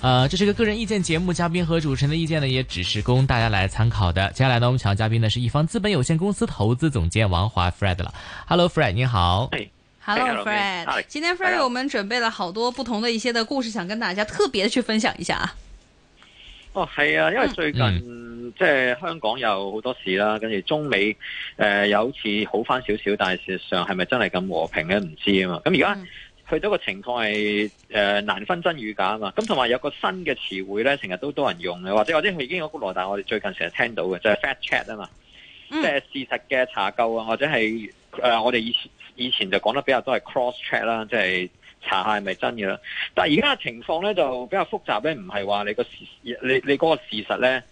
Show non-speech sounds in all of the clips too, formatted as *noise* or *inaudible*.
呃，這是個個人意見節目，嘉賓和主持人的意見呢，也只是供大家來參考的。接下來呢，我們請到嘉賓呢是一方資本有限公司投資總監王華 Fred 啦。Hello Fred，你好。Hey, hello Fred，Hi. Hi. Hi 今天 Fred 為我們準備了好多不同的一些的故事，想跟大家特別的去分享一下啊。哦，係啊，因為最近即係、嗯、香港有好多事啦，跟住中美誒、呃、又好似好返少少，但係事實上係咪真係咁和平呢？唔知啊嘛。咁而家。嗯去到個情況係誒、呃、難分真與假啊嘛，咁同埋有個新嘅詞彙咧，成日都多人用嘅，或者或者佢已經有股來，但係我哋最近成日聽到嘅就係 fact check 啊嘛，嗯、即係事實嘅查究啊，或者係誒、呃、我哋以前以前就講得比較多係 cross check 啦，即、就、係、是、查下係咪真嘅啦。但係而家嘅情況咧就比較複雜咧，唔係話你個事，你你嗰個事實咧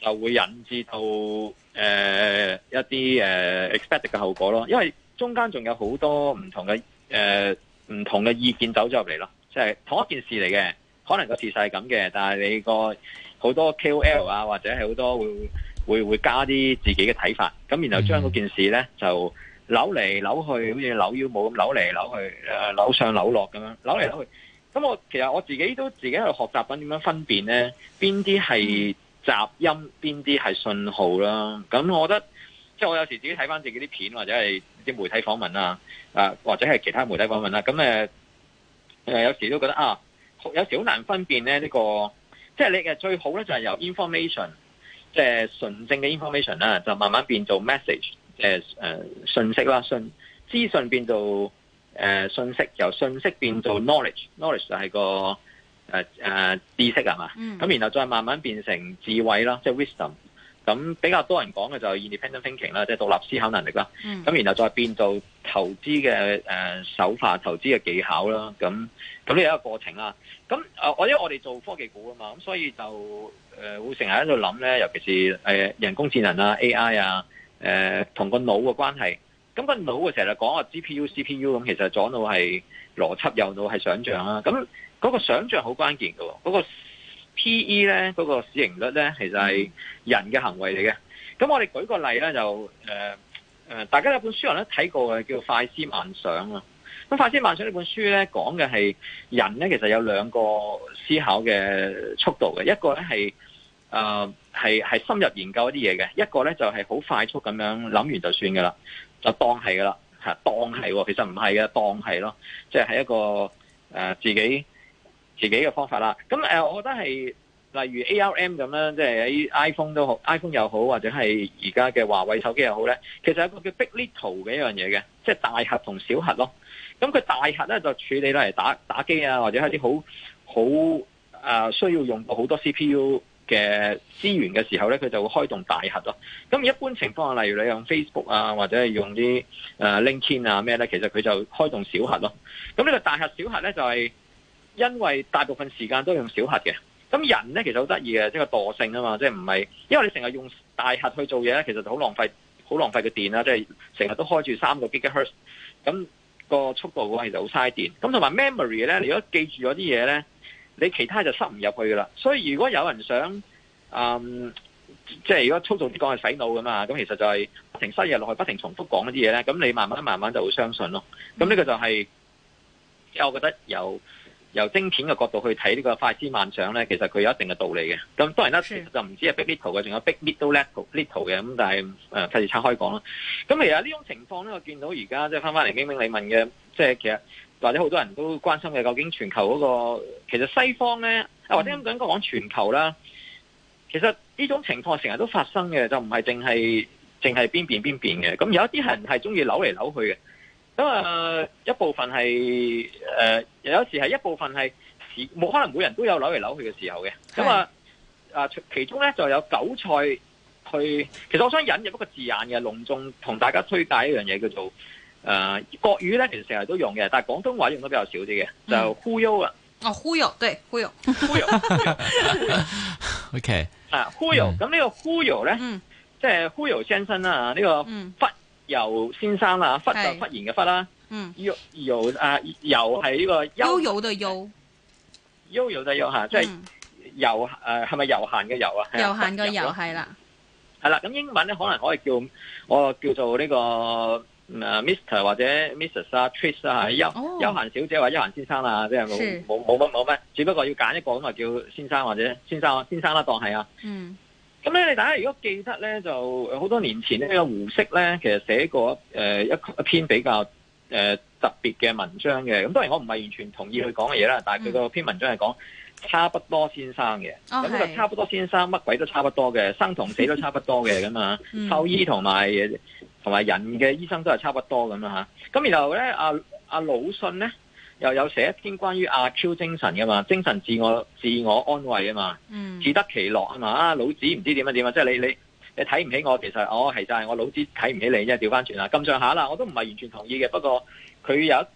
就會引致到誒、呃、一啲誒、呃、expect 嘅後果咯，因為中間仲有好多唔同嘅誒。呃唔同嘅意見走咗入嚟咯，即係同一件事嚟嘅，可能個事實係咁嘅，但係你個好多 KOL 啊，或者係好多會會會加啲自己嘅睇法，咁然後將嗰件事呢，就扭嚟扭去，好似扭腰舞咁扭嚟扭去，誒扭上扭落咁樣扭嚟扭去。咁我其實我自己都自己喺度學習緊點樣分辨呢，邊啲係雜音，邊啲係信號啦。咁我覺得即係我有時自己睇翻自己啲片或者係。啲媒體訪問啊，或者係其他媒體訪問啦、啊，咁、呃、有時都覺得啊，有時好難分辨咧呢、這個，即、就、係、是、你嘅最好咧就係由 information，即係純正嘅 information 啦、啊，就慢慢變做 message，即、就、係、是呃、信息啦，信資訊變做、呃、信息，由信息變做 knowledge，knowledge know 就係個、呃呃、知識啊嘛，咁、嗯、然後再慢慢變成智慧啦，即、就、係、是、wisdom。咁比較多人講嘅就係 independent thinking 啦，即係獨立思考能力啦。咁、嗯、然後再變做投資嘅誒手法、投資嘅技巧啦。咁咁呢一個過程啦。咁我因為我哋做科技股啊嘛，咁所以就誒、呃、會成日喺度諗咧，尤其是、呃、人工智能啊、AI 啊，誒同個腦嘅關係。咁個腦嘅成日講話 GPU、CPU 咁，其實左腦係邏輯，右腦係想像啦。咁嗰、嗰個想像好關鍵㗎喎，嗰個 P/E 咧嗰、那個市盈率咧，其實係人嘅行為嚟嘅。咁我哋舉個例咧，就誒誒、呃，大家有本書人咧睇過嘅，叫《快思慢想》啊。咁《快思慢想》呢本書咧，講嘅係人咧，其實有兩個思考嘅速度嘅。一個咧係誒係係深入研究一啲嘢嘅，一個咧就係、是、好快速咁樣諗完就算噶啦，就當係噶啦吓，當係、哦哦、其實唔係嘅，當係咯、哦，即、就、係、是、一個誒、呃、自己。自己嘅方法啦，咁誒、呃，我覺得係例如 ARM 咁啦，即係喺 iPhone 都好，iPhone 又好，或者係而家嘅華為手機又好咧，其實有個叫 Big Little 嘅一樣嘢嘅，即係大核同小核咯。咁佢大核咧就處理咧嚟打打機啊，或者一啲好好啊需要用好多 CPU 嘅資源嘅時候咧，佢就會開動大核咯。咁一般情況下，例如你用 Facebook 啊，或者係用啲誒、呃、LinkedIn 啊咩咧，其實佢就開動小核咯。咁呢個大核小核咧就係、係。因為大部分時間都用小核嘅，咁人咧其實好得意嘅，即係個惰性啊嘛，即係唔係，因為你成日用大核去做嘢咧，其實就好浪費，好浪費嘅電啦，即係成日都開住三個 GigaHertz，咁個速度嘅話其實好嘥電。咁同埋 memory 咧，你如果記住咗啲嘢咧，你其他就塞唔入去噶啦。所以如果有人想，嗯，即係如果粗俗啲講係洗腦噶嘛，咁其實就係不停塞嘢落去，不停重複講一啲嘢咧，咁你慢慢慢慢就會相信咯。咁呢個就係、是，即係我覺得有。由晶片嘅角度去睇呢個快思慢想咧，其實佢有一定嘅道理嘅。咁當然啦，就唔止係 big little 嘅，仲有 big little little 嘅。咁但係誒，費事拆開講咯。咁其實呢種情況咧，我見到而家即係翻翻嚟，明明你問嘅，即係其實或者好多人都關心嘅，究竟全球嗰個，其實西方咧，嗯、或者咁講講全球啦，其實呢種情況成日都發生嘅，就唔係淨係淨係邊變邊變嘅。咁有一啲人係中意扭嚟扭去嘅。咁啊，一部分係誒、呃，有時係一部分係，冇可能每人都有扭嚟扭去嘅時候嘅。咁啊，啊，其中咧就有韭菜去。其實我想引入一個字眼嘅，隆重同大家推介一樣嘢，叫做誒、呃、國語咧，其實成日都用嘅，但係廣東話用得比較少啲嘅，就忽悠、嗯、啊。哦、這個，忽悠、嗯，對，忽悠，忽悠。O K 啊，忽悠。咁呢個忽悠咧，即係忽悠先生啦，呢個忽悠先生啦，忽就忽然嘅忽啦，悠由啊，係呢個悠遊的悠，悠遊的悠吓，即係悠誒，係咪悠閒嘅悠啊？悠閒嘅悠係啦，係啦。咁英文咧可能可以叫我叫做呢個誒，Mr 或者 Mrs 啊，Tris 啊，悠悠閒小姐或者悠閒先生啦，即係冇冇冇乜冇乜，只不過要揀一個咁啊，叫先生或者先生先生啦，當係啊。咁咧，你大家如果記得咧，就好多年前呢咧，呢個胡適咧其實寫過誒一一篇比較誒特別嘅文章嘅。咁當然我唔係完全同意佢講嘅嘢啦，但係佢個篇文章係講差不多先生嘅。咁就 Okay. 差不多先生乜鬼都差不多嘅，生同死都差不多嘅咁啊。獸、 *laughs* 嗯、醫同埋同埋人嘅醫生都係差不多咁啊。咁然後咧，阿阿魯迅咧。又有寫一篇關於阿 Q 精神嘅嘛，精神自我自我安慰啊嘛，嗯、自得其樂啊嘛。啊，老子唔知點樣點啊，即係你你你睇唔起我，其實我係就係我老子睇唔起你，即係調翻轉啦。咁上下啦，我都唔係完全同意嘅，不過佢有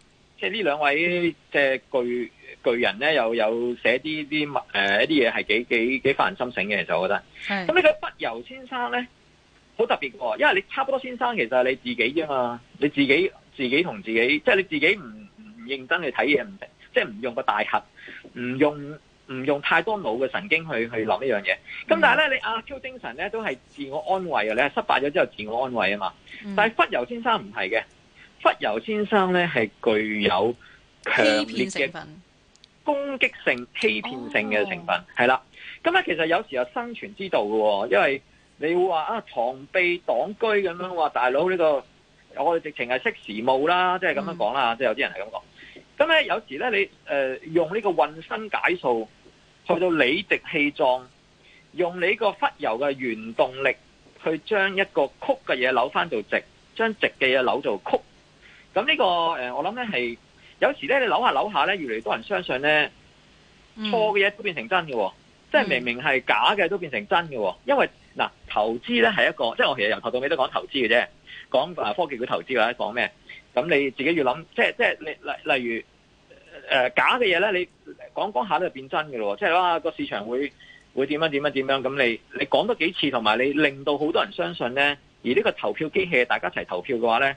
即係呢兩位即係巨、嗯、巨人咧，又有寫啲啲誒一啲嘢係幾幾幾發人深省嘅，其實我覺得。咁呢個忽悠先生咧，好特別喎，因為你差不多先生其實係你自己啫嘛，你自己自己同自己，即係你自己唔。不認真去睇嘢唔，即係唔用個大核，唔用唔用太多腦嘅神經去去諗呢樣嘢。咁但係咧，你阿、啊、Q 精神咧都係自我安慰啊！你係失敗咗之後自我安慰啊嘛。嗯、但係忽悠先生唔係嘅，忽悠先生咧係具有強烈嘅攻擊性、欺騙性嘅成分，係啦、哦。咁咧其實有時候生存之道嘅、哦，因為你會話啊藏秘黨居咁樣話，大佬呢、呢個我哋直情係識時務啦，即係咁樣講啦，即係、嗯、有啲人係咁講。咁咧、嗯，有時咧，你誒、呃、用呢個渾身解數，去到理直氣壯，用你個忽悠嘅原動力，去將一個曲嘅嘢扭翻做直，將直嘅嘢扭做曲。咁、嗯、呢、嗯嗯這個我諗咧係有時咧，你扭下扭下咧，越嚟越多人相信咧，錯嘅嘢都變成真嘅，即係明明係假嘅都變成真嘅。因為嗱，投資咧係一個，即係我其實由頭到尾都講投資嘅啫，講科技股投資或者講咩？咁你自己要諗，即係即係，例、就、例、是、例如，誒、呃、假嘅嘢咧，你講講下都就變真嘅咯，即係啦個市場會會點樣點樣點樣，咁你你講多幾次，同埋你令到好多人相信咧，而呢個投票機器大家一齊投票嘅話咧，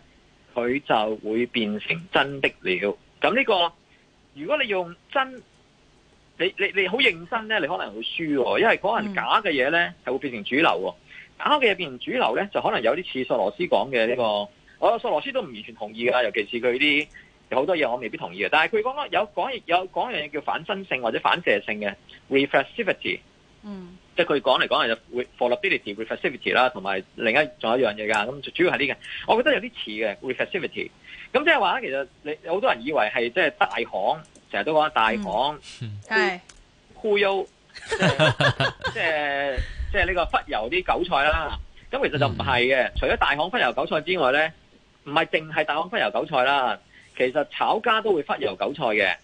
佢就會變成真的了。咁呢、呢個如果你用真，你你你好認真咧，你可能會輸，因為可能假嘅嘢咧係會變成主流。假嘅嘢變成主流咧，就可能有啲似索羅斯講嘅呢個。我索羅斯都唔完全同意啦，尤其是佢啲有好多嘢我未必同意嘅。但係佢講有講有講一樣嘢叫反身性或者反射性嘅 reflexivity，嗯，即係佢講嚟講嚟就 fallibility、reflexivity 啦，同埋另一仲有一樣嘢噶。咁就主要係呢個，我覺得有啲似嘅 reflexivity。咁即係話咧，其實你有好多人以為係即係大行，成日都講大行係忽悠，即係即係呢個忽悠啲韭菜啦。咁其實就唔係嘅，除咗大行忽悠韭菜之外咧。唔係淨係大眾忽悠韭菜啦，其實炒家都會忽悠韭菜嘅。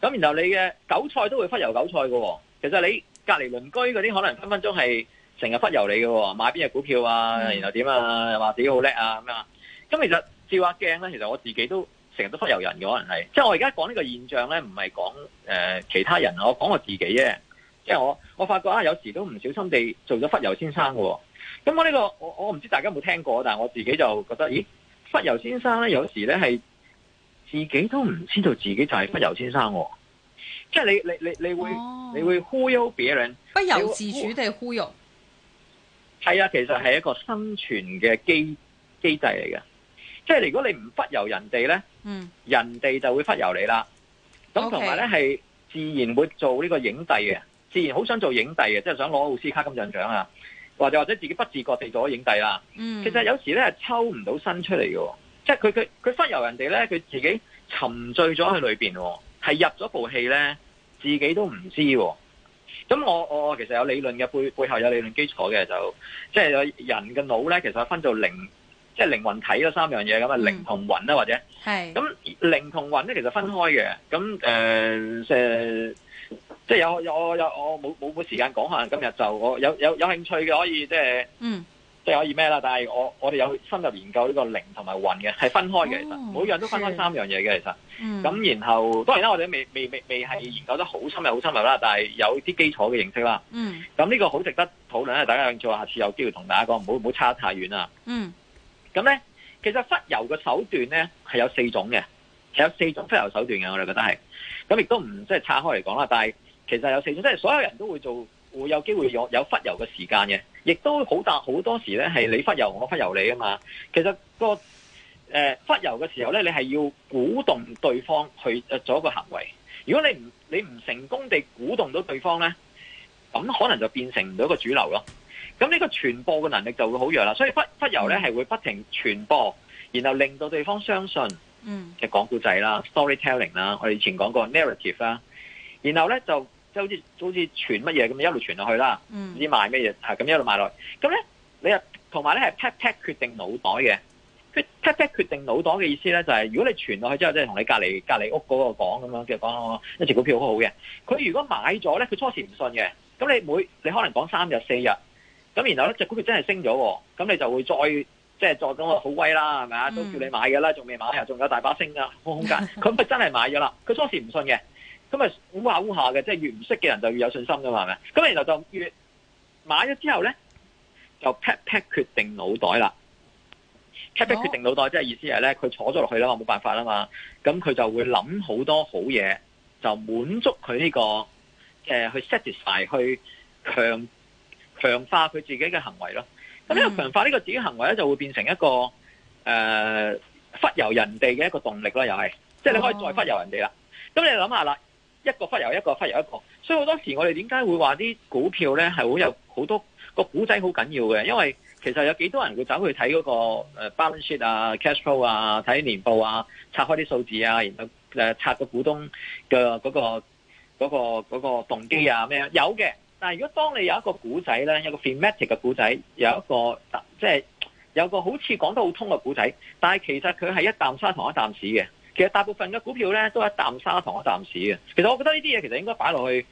咁然後你嘅韭菜都會忽悠韭菜嘅、哦。其實你隔離鄰居嗰啲可能分分鐘係成日忽悠你嘅、哦，買邊隻股票啊，然後點啊，又話自己好叻啊咁啊。咁其實照下鏡咧，其實我自己都成日都忽悠人嘅可能係，即係我而家講呢個現象咧，唔係講、呃、其他人，我講我自己啫。即係我我發覺啊，有時都唔小心地做咗忽悠先生嘅、哦。咁我呢、呢個我我唔知大家有冇聽過，但我自己就覺得，咦？忽悠先生咧，有時咧係自己都唔知道自己就係忽悠先生、哦，即係你你你你會、哦、你會忽悠別人，不由自主地忽悠。係啊，其實係一個生存嘅機機制嚟嘅，即係如果你唔忽悠人哋咧，嗯，人哋就會忽悠你啦。咁同埋咧係自然會做呢個影帝嘅，自然好想做影帝嘅，即、就、係、是、想攞奧斯卡金像獎啊！嗯或者或者自己不自覺地做咗影帝啦，嗯、其實有時咧抽唔到身出嚟嘅，喔，即係佢佢佢忽悠人哋咧，佢自己沉醉咗喺裏邊喎，係入咗部戲咧，自己都唔知、喔。咁我我其實有理論嘅背背後有理論基礎嘅，就即係、就是、有人嘅腦咧，其實分做靈即係、就是、靈魂體三樣嘢咁啊，靈同魂咧或者係咁是靈同魂咧其實分開嘅，咁誒即即係有有，有我有我冇冇冇時間講下，今日就我有有有興趣嘅可以即係，即、就是嗯、可以咩啦？但係我我哋有深入研究呢個靈同埋運嘅係分開嘅，哦、其實每樣都分開三樣嘢嘅，嗯、其實咁、嗯、然後當然啦，我哋未未未未係研究得好深入、好深入啦，但係有啲基礎嘅認識啦。咁呢、嗯、個好值得討論呀，大家有興趣下次有機會同大家講，唔好唔好差得太遠啦。嗯。咁咧，其實忽悠嘅手段咧係有四種嘅，係有四種忽悠手段嘅，我哋覺得係咁亦都唔即係拆開嚟講啦，但係。其實有四種，即係所有人都會做，會有機會有有忽悠嘅時間嘅，亦都好大好多時咧係你忽悠我忽悠你啊嘛。其實個誒忽悠嘅時候咧，你係要鼓動對方去誒做一個行為。如果你唔你唔成功地鼓動到對方咧，咁可能就變成唔到一個主流咯。咁呢個傳播嘅能力就會好弱啦。所以忽忽悠咧係會不停傳播，然後令到對方相信講，嗯嘅講故仔啦，storytelling 啦，我哋以前講過 narrative 啦，然後咧就。好嗯，就好似好似傳乜嘢咁一路傳落去啦，唔知賣乜嘢，咁一路賣落。咁咧你又同埋咧係 pat pat 決定腦袋嘅，pat pat 決定腦袋嘅意思咧就係、是、如果你傳落去之後，即係同你隔離隔離屋嗰個講咁樣，叫、哦、講一隻股票好好嘅。佢如果買咗咧，佢初時唔信嘅。咁你每你可能講三日四日，咁然後咧隻股票真係升咗，咁你就會再即係作咁個好威啦，係咪啊？嗯，都叫你買嘅啦，仲未買啊？仲有大把升啊，好空間。佢咪真係買咗啦，佢初時唔信嘅。咁啊，烏下烏下嘅，即係越唔識嘅人就越有信心噶嘛，係咪？咁啊，然後就越買咗之後咧，就 pat pat 決定腦袋啦，pat pat 決定腦袋，即係意思係咧，佢坐咗落去啦嘛，冇辦法啦嘛，咁佢就會諗好多好嘢，就滿足佢呢、這個誒、呃、去 satisfy，去強強化佢自己嘅行為咯。咁呢個強化呢個自己行為咧，就會變成一個誒、呃、忽悠人哋嘅一個動力咯，又係，即係你可以再忽悠人哋啦。咁、哦、你諗下啦。一個忽悠一個忽悠一個，所以好多時我哋點解會話啲股票咧係好有好多個古仔好緊要嘅？因為其實有幾多人會走去睇個誒 balance sheet 啊、cash flow 啊、睇年報啊、拆開啲數字啊，然後拆個股東嘅嗰個嗰個嗰個動機啊咩？有嘅。但係如果當你有一個古仔咧，有個 thematic 嘅古仔，有一個，即係有個好似講得好通嘅古仔，但係其實佢係一啖沙糖一啖屎嘅。其實大部分嘅股票咧都係一啖砂糖一啖屎嘅。其實我覺得呢啲嘢，其實應該擺落去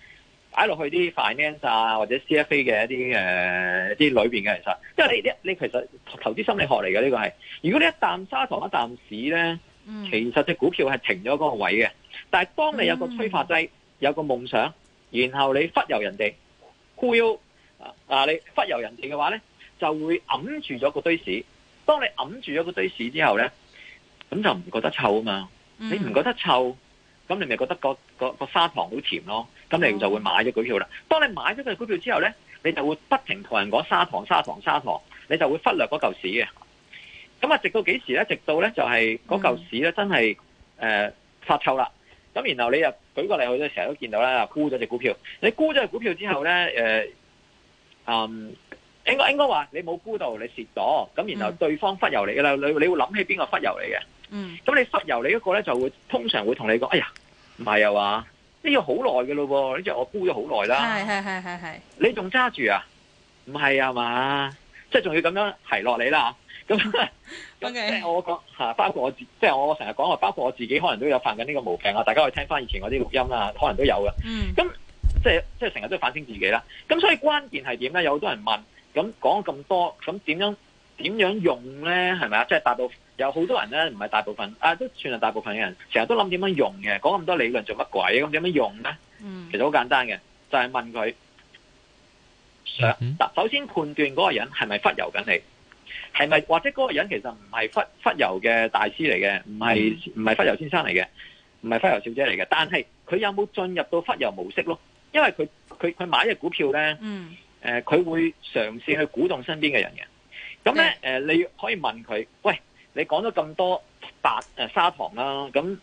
擺落去啲 Finance 啊或者 CFA 嘅一啲誒啲裏邊嘅。其實，因為你你其實投資心理學嚟嘅呢個係。如果你一啖砂糖一啖屎咧，嗯、其實隻股票係停咗個位嘅。但係當你有個催化劑，有個夢想，然後你忽悠人哋，忽悠啊啊你忽悠人哋嘅話咧，就會揞住咗個堆屎。當你揞住咗個堆屎之後咧，咁就唔覺得臭啊嘛。你唔覺得臭，咁、mm hmm. 你咪覺得個個，個砂糖好甜咯，咁你就會買咗股票啦。Mm hmm. 當你買咗隻股票之後咧，你就會不停同人講砂糖、砂糖、砂糖，你就會忽略嗰嚿屎嘅。咁啊，直到幾時咧？直到咧就係嗰嚿屎咧真係誒發臭啦。咁然後你又舉個例，我哋成日都見到啦，沽咗隻股票。你沽咗隻股票之後咧，誒、 *laughs* 呃，嗯，應該應該話你冇沽到，你蝕咗。咁然後對方忽悠你噶啦、mm hmm.，你你會諗起邊個忽悠你嘅？嗯，咁你忽悠你一個咧，就會通常會同你講，哎呀，唔係啊嘛，呢個好耐嘅咯，呢隻我估咗好耐啦，係係係係係，你仲揸住啊？唔係啊嘛，即係仲要咁樣提落你啦，咁即係我講吓，包括我自，即係我成日講話，包括我自己可能都有犯緊呢個毛病啊，大家可以聽翻以前我啲錄音啊，可能都有嘅，嗯，咁即係即係成日都反省自己啦，咁所以關鍵係點咧？有好多人問，咁講咁多，咁點樣？點樣用咧？係咪啊？即係大部有好多人咧，唔係大部分啊，都算係大部分嘅人，成日都諗點樣用嘅。講咁多理論做乜鬼？咁點樣用咧？嗯、其實好簡單嘅，就係問佢想。首先判斷嗰個人係咪忽悠緊你？係咪或者嗰個人其實唔係忽忽悠嘅大師嚟嘅？唔係唔係忽悠先生嚟嘅？唔係忽悠小姐嚟嘅？但係佢有冇進入到忽悠模式咯？因為佢佢佢買嘅股票咧，誒、嗯，佢、呃、會嘗試去鼓動身邊嘅人嘅。咁咧，誒你可以問佢，喂，你講咗咁多白、誒、啊、砂糖啦、啊，咁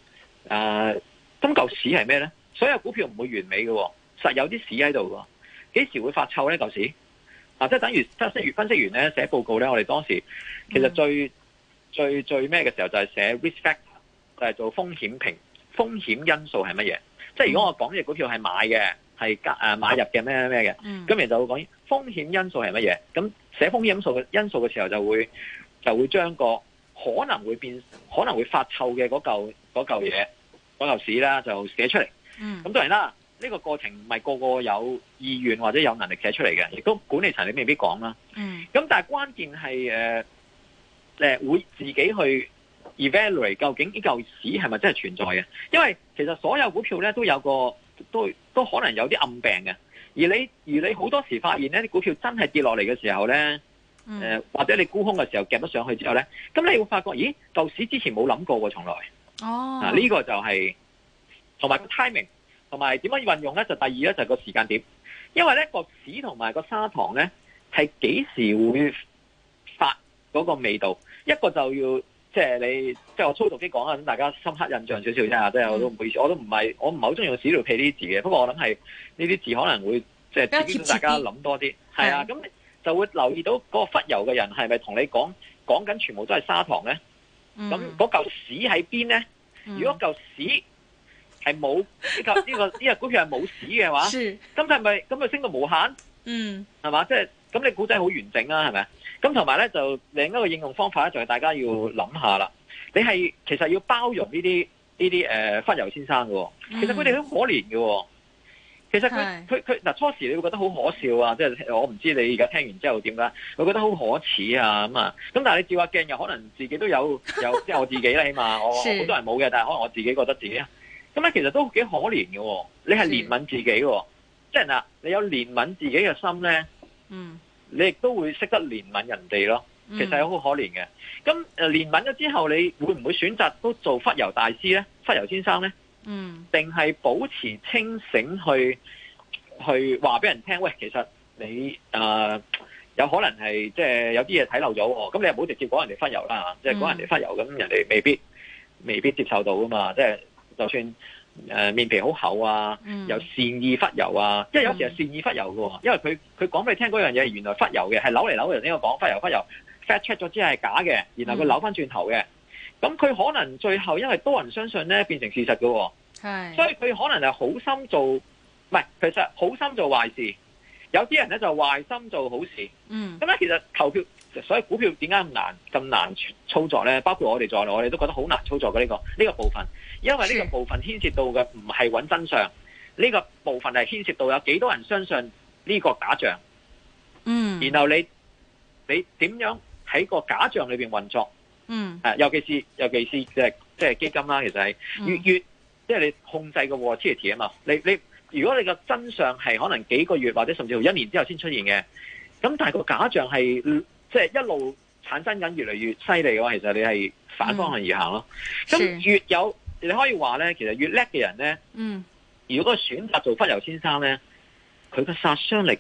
誒，咁嚿屎係咩咧？所有股票唔會完美嘅，實有啲屎喺度嘅，幾時會發臭咧？嚿、那、屎、個、啊！即係等如分析員分析完咧，寫報告咧，我哋當時其實最、mm. 最最咩嘅時候就係寫 risk factor，就係做風險評風險因素係乜嘢？即係如果我講嘅股票係買嘅，係加買入嘅咩咩嘅，咁人、mm. 就會講風險因素係乜嘢？咁寫風險因素嘅因素嘅時候就，就會就會將個可能會變、可能會發臭嘅嗰嚿嗰嚿嘢嗰嚿屎啦，就寫出嚟。嗯，咁當然啦，呢、這個過程唔係個個有意願或者有能力寫出嚟嘅，亦都管理層你未必講啦。嗯，咁但係關鍵係誒誒會自己去 evaluate 究竟呢嚿屎係咪真係存在嘅？因為其實所有股票咧都有個都都可能有啲暗病嘅。而你而你好多時發現呢，啲股票真係跌落嚟嘅時候呢，嗯、或者你沽空嘅時候夾得上去之後呢，咁你會發覺咦舊市之前冇諗過喎、啊，從來哦，呢、啊、個就係、是、同埋 timing，同埋點樣運用呢？就第二呢，就係、個時間點，因為呢、呢個市同埋個砂糖呢，係幾時會發嗰個味道，一個就要。即係你，即係我粗俗啲講啊，咁大家深刻印象少少啫，即係我都唔好意思，我都唔係，我唔係好中意用屎尿屁呢啲字嘅。不過我諗係呢啲字可能會即係刺激大家諗多啲。係啊，咁的就會留意到嗰個忽悠嘅人係咪同你講講緊全部都係砂糖咧？咁嗰嚿屎喺邊咧？嗯、如果嚿屎係冇呢嚿呢個呢隻、這個這個、股票係冇屎嘅話，咁係咪咁咪升到無限？嗯，係嘛，即、就、係、是。咁你故仔好完整啦，啊，係咪？咁同埋咧，就另一個應用方法咧，就係大家要諗下啦。你係其實要包容呢啲呢啲誒忽悠先生嘅，哦，其實佢哋都可憐嘅，哦。其實佢佢佢嗱初時你會覺得好可笑啊，即係我唔知你而家聽完之後點解，會覺得好可恥啊咁啊。咁但係你照下鏡又可能自己都有有，即係我自己啦起碼我 *laughs* 我，我好多人冇嘅，但係可能我自己覺得自己咁咧，其實都幾可憐嘅，哦。你係憐憫自己即係嗱，你有憐憫自己嘅心咧。嗯，你亦都會識得憐憫人哋咯，其實係好可憐嘅。咁誒、嗯，憐憫咗之後，你會唔會選擇都做忽悠大師咧？忽悠先生咧？嗯，定係保持清醒去去話俾人聽？喂，其實你誒、呃、有可能係即係有啲嘢睇漏咗，咁你又唔好直接講人哋忽悠啦，即係講人哋忽悠咁人哋未必未必接受到噶嘛，即、就、係、是、就算。誒、呃，面皮好厚啊，又、嗯、善意忽悠啊，因為有時係善意忽悠嘅、啊，嗯、因為佢佢講俾你聽嗰樣嘢，原來忽悠嘅，係扭嚟扭去呢個講忽悠忽悠，fact check 咗之後係假嘅，然後佢扭翻轉頭嘅，咁佢、嗯、可能最後因為多人相信咧，變成事實嘅、啊，係是，所以佢可能係好心做，唔係，其實好心做壞事，有啲人咧就壞心做好事，嗯，咁咧其實投票，所以股票點解咁難咁難操作咧？包括我哋在內，我哋都覺得好難操作嘅呢、這個呢、這個部分。因為呢個部分牽涉到嘅唔係揾真相，呢、這個部分係牽涉到有幾多人相信呢個假象，嗯，然後你你點樣喺個假象裏面運作，嗯尤，尤其是尤其是即係即係基金啦，其實係、嗯、越越即係你控制嘅 quality 啊嘛，你你如果你個真相係可能幾個月或者甚至乎一年之後先出現嘅，咁但係個假象係即係一路產生緊越嚟越犀利嘅話，其實你係反方向而行咯，咁、嗯、越有。你可以話咧，其實越叻嘅人咧，嗯、如果個選擇做忽悠先生咧，佢嘅殺傷力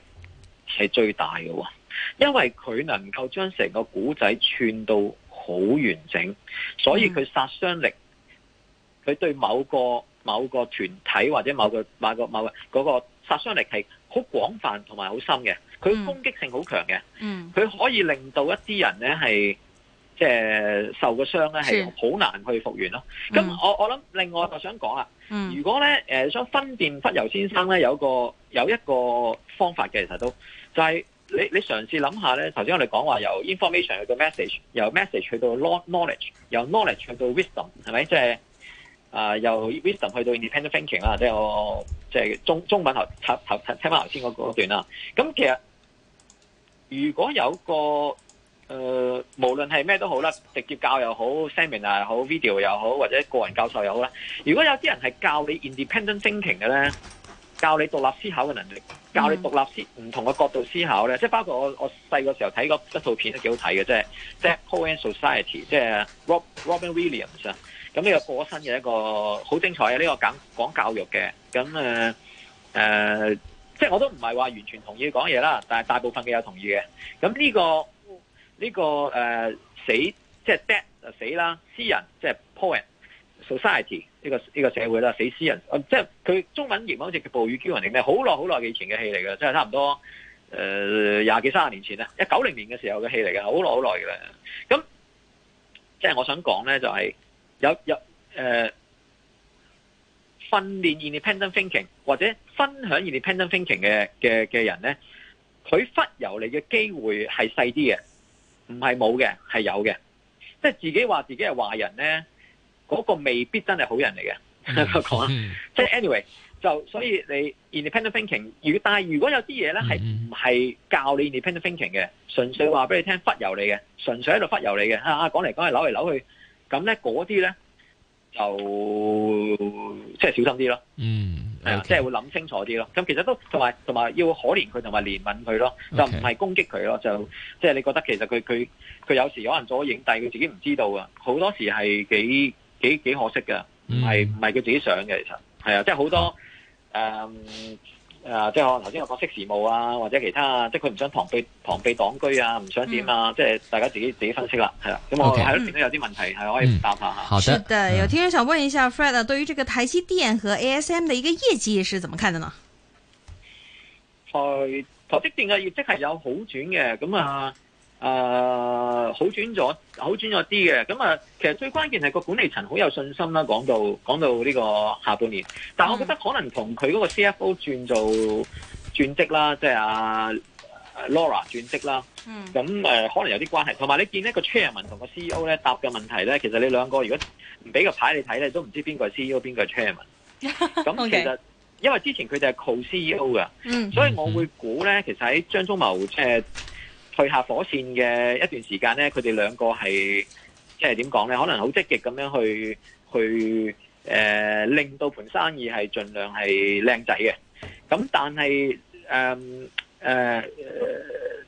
係最大嘅，因為佢能夠將成個古仔串到好完整，所以佢殺傷力，佢、嗯、對某個某個團體或者某個某個某個嗰個殺傷力係好廣泛同埋好深嘅，佢攻擊性好強嘅，佢、嗯嗯、可以令到一啲人咧係。是即、呃、受個傷咧，係好難去復原咯。咁的我我諗，另外就想講啊。嗯、如果咧、呃、想分辨忽悠先生咧，有個有一個方法嘅其實都，就係、是、你你嘗試諗下咧。頭先我哋講話由 information 去到 message，由 message 去到 knowledge，由 knowledge 去到 wisdom，係咪？即係啊，由 wisdom 去到 independent thinking 啦。即係我即係中中文頭頭頭聽翻頭先嗰段啦。咁其實如果有個個誒、呃，無論係咩都好啦，直接教又好，Seminar 又好，video 又好，或者個人教授又好啦。如果有啲人係教你 independent thinking 嘅咧，教你獨立思考嘅能力，教你獨立思唔同嘅角度思考咧，嗯、即係包括我我細個時候睇過一套片都幾好睇嘅，嗯、即係 Dead Poets Society，即係 Robin Williams 啊。咁呢個過身嘅一個好精彩嘅呢個講講教育嘅，咁誒誒，即係我都唔係話完全同意講嘢啦，但係大部分嘅有同意嘅，咁呢、這個。呢、這個誒、呃、死即係 dead 就是、de ad，死啦，詩人即係、就是、poet society 呢、這個呢、這個社會啦，死詩人即係佢中文譯名好似叫暴雨驕陽定咩？好耐好耐以前嘅戲嚟嘅，即、就、係、是、差唔多誒廿、呃、幾三十年前啦，一九零年嘅時候嘅戲嚟嘅，好耐好耐嘅啦。咁即係我想講咧，就係、是、有有誒、呃、訓練 independent thinking 或者分享 independent thinking 嘅嘅嘅人咧，佢忽悠你嘅機會係細啲嘅。唔係冇嘅，係有嘅。即係自己話自己係壞人咧，嗰個未必真係好人嚟嘅。講啊，即係 anyway 就所以你 independent thinking。如但係如果有啲嘢咧係唔係教你 independent thinking 嘅，純粹話俾你聽忽悠你嘅，純粹喺度忽悠你嘅啊，講嚟講去，扭嚟扭去，咁咧嗰啲咧就即係小心啲咯。嗯。 *laughs* 誒 Okay.、嗯，即係會諗清楚啲咯。咁其實都同埋同埋要可憐佢同埋憐憫佢咯，就唔係攻擊佢咯。就即係你覺得其實佢佢佢有時有可能做咗影，但係佢自己唔知道啊。好多時係幾幾幾可惜噶，唔係唔係佢自己想嘅，其實係啊，即係好多誒。嗯嗯誒、呃，即係我頭先有講息事務啊，或者其他啊，即係佢唔想逃避逃避黨居啊，唔想點啊，嗯、即係大家自己自己分析啦，係啦。咁我係都見到有啲問題係可以答下下。好的。有聽眾想問一下、嗯、Fred、啊、對於呢個台積電和 ASM 嘅一個業績是怎麼看嘅呢？台台積電嘅業績係有好轉嘅，咁啊。嗯誒好、呃、轉咗，好轉咗啲嘅。咁啊，其實最關鍵係個管理層好有信心啦。講到講到呢個下半年，但我覺得可能同佢嗰個 CFO 轉做轉職啦，即係阿 Laura 轉職啦。咁、呃、可能有啲關係。同埋你見一個 Chairman 同個 CEO 咧答嘅問題咧，其實你兩個如果唔俾個牌你睇咧，都唔知邊個係 CEO 邊個係 Chairman。咁 *laughs* 其實 Okay. 因為之前佢哋係 co-CEO 嘅，嗯。 *laughs* 所以我會估咧，其實喺張忠謀退下火線嘅一段時間咧，佢哋兩個係即係點講咧？可能好積極咁樣去去誒、呃，令到盤生意係盡量係靚仔嘅。咁但係誒誒，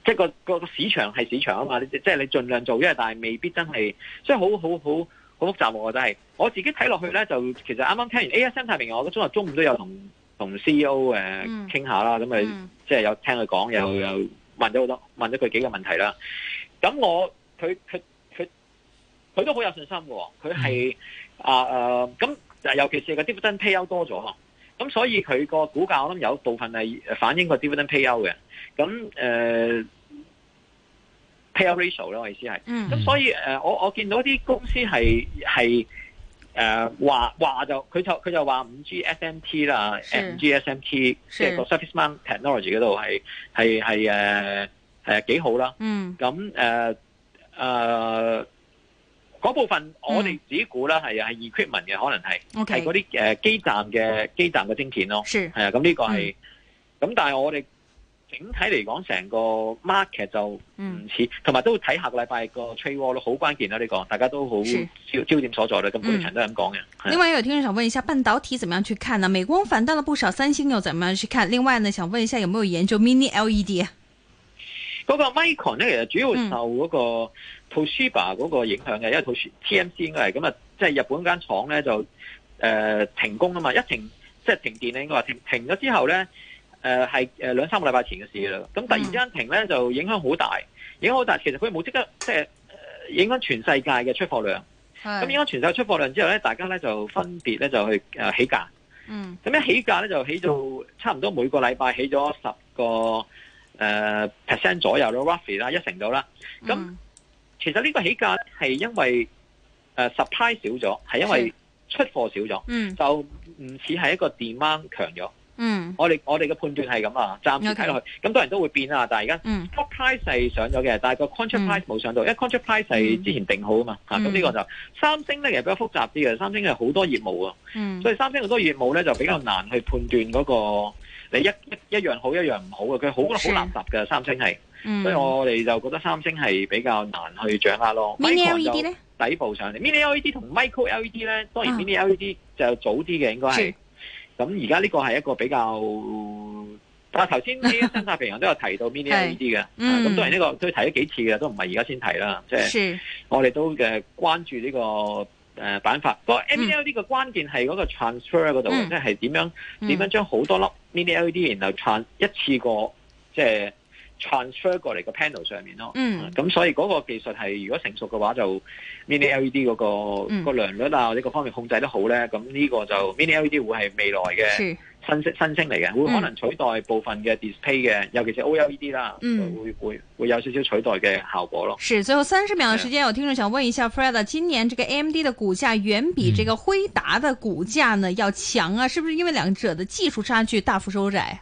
即係個個市場係市場啊嘛！即即係你盡量做，因為但係未必真係，所以好好好好複雜喎。我覺得係我自己睇落去咧，就其實啱啱聽完 AI 生態平台，我今日中午都有同同 CEO 誒傾下啦。咁咪、嗯、即係有聽佢講又有。嗯問咗好多，問咗佢幾個問題啦。咁我佢佢佢佢都好有信心嘅。佢係啊誒，咁、呃呃、尤其是個 dividend payout 多咗，咁所以佢個股價我諗有部分係反映個 dividend payout 嘅。咁誒、呃，payout ratio 咯，我意思係。咁、嗯、所以誒，我我見到啲公司係係。是誒、呃、話話就佢就佢就話五 G SMT 啦，誒五是 G SMT 即係個 surface mount technology 嗰度係係係誒誒、呃、幾好啦。嗯，咁誒誒嗰部分我哋自己估啦，係係 equipment 嘅可能係係嗰啲誒基站嘅基站嘅晶片咯。係啊是，咁呢個係咁，嗯、但係我哋。體整體嚟講，成個 market 就唔似，同埋、嗯、都睇下個禮拜 trad、啊這個 trader 咯，好關鍵啦！呢個大家都好焦焦點所在啦。咁，每、嗯、層都咁講嘅。另外有聽眾想問一下，半導體怎麼樣去看呢、啊？美光反彈了不少，三星又怎麼樣去看？另外呢，想問一下，有冇研究 mini LED？嗰個 Micron 咧，其實主要受嗰個 Toshiba 嗰個影響嘅，嗯、因為 Toshiba TMC 應該係咁啊，即係日本間廠咧就誒、呃、停工啊嘛，一停即係、就是、停電咧，應該話停停咗之後咧。誒係誒兩三個禮拜前嘅事啦，咁突然之間停咧就影響好大，嗯、影響好大。其實佢冇即刻即係影響全世界嘅出貨量，咁是影響全世界嘅出貨量之後咧，大家咧就分別咧就去誒起價。嗯，咁一起價咧就起到差唔多每個禮拜起咗十個誒、嗯呃、percent 左右啦 roughly 啦，一成到啦。咁、嗯、其實呢個起價係因為誒 supply 少咗，係因為出貨少咗，嗯、就唔似係一個 demand 強咗。嗯，我哋我哋嘅判斷係咁啊，暫時睇落去，咁多人都會變啊。但係而家，嗯，top price 係上咗嘅，但係個 contract price 冇上到，因為 contract price 係之前定好啊嘛。啊，咁呢個就三星咧其實比較複雜啲嘅，三星係好多業務啊，嗯，所以三星好多業務咧就比較難去判斷嗰個你一一一樣好一樣唔好啊。佢好好雜雜嘅三星係，所以我哋就覺得三星係比較難去掌握咯。Mini LED 底部上嚟，Mini LED 同 Micro LED 咧，當然 Mini LED 就早啲嘅應該係。咁而家呢個係一個比較，啊頭先啲新鴿平陽都有提到 Mini LED 嘅。咁、 *laughs* 嗯啊、當然呢個都提咗幾次嘅，都唔係而家先提啦，即係是我哋都嘅、呃、關注呢、這個誒板、呃、法。不過 Mini LED 嘅個關鍵係嗰個 transfer 嗰度，即係點樣點、嗯、樣將好多粒 Mini LED 然後 transfer 一次過即係。就是 transfer 過嚟個 panel 上面咯、嗯，咁、嗯、所以嗰個技術係如果成熟嘅話，就 mini LED 嗰個那個良率啊，或者個方面控制得好咧，咁呢、嗯、個就 mini LED 會係未來嘅新式是新星嚟嘅，會可能取代部分嘅 display 嘅，嗯、尤其是 OLED 啦、嗯會會，會有少少取代嘅效果咯。是最後三十秒嘅時間，有是聽眾想問一下 Fred，er, 今年呢個 AMD 嘅股價遠比呢個輝達嘅股價呢要強啊，嗯、是不是因為兩者嘅技術差距大幅收窄？